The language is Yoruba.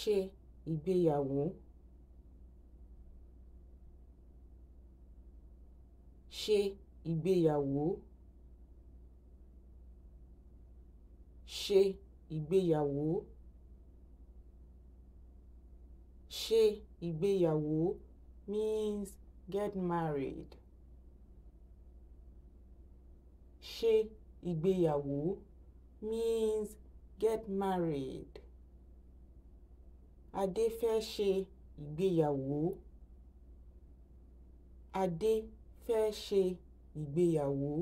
ṣe ìgbéyàwó ṣe ìgbéyàwó ṣe ìgbéyàwó ṣe ìgbéyàwó means get married ṣe ìgbéyàwó means get married. Adé fẹ́ ṣe ìgbéyàwó. Adé fẹ́ ṣe ìgbéyàwó.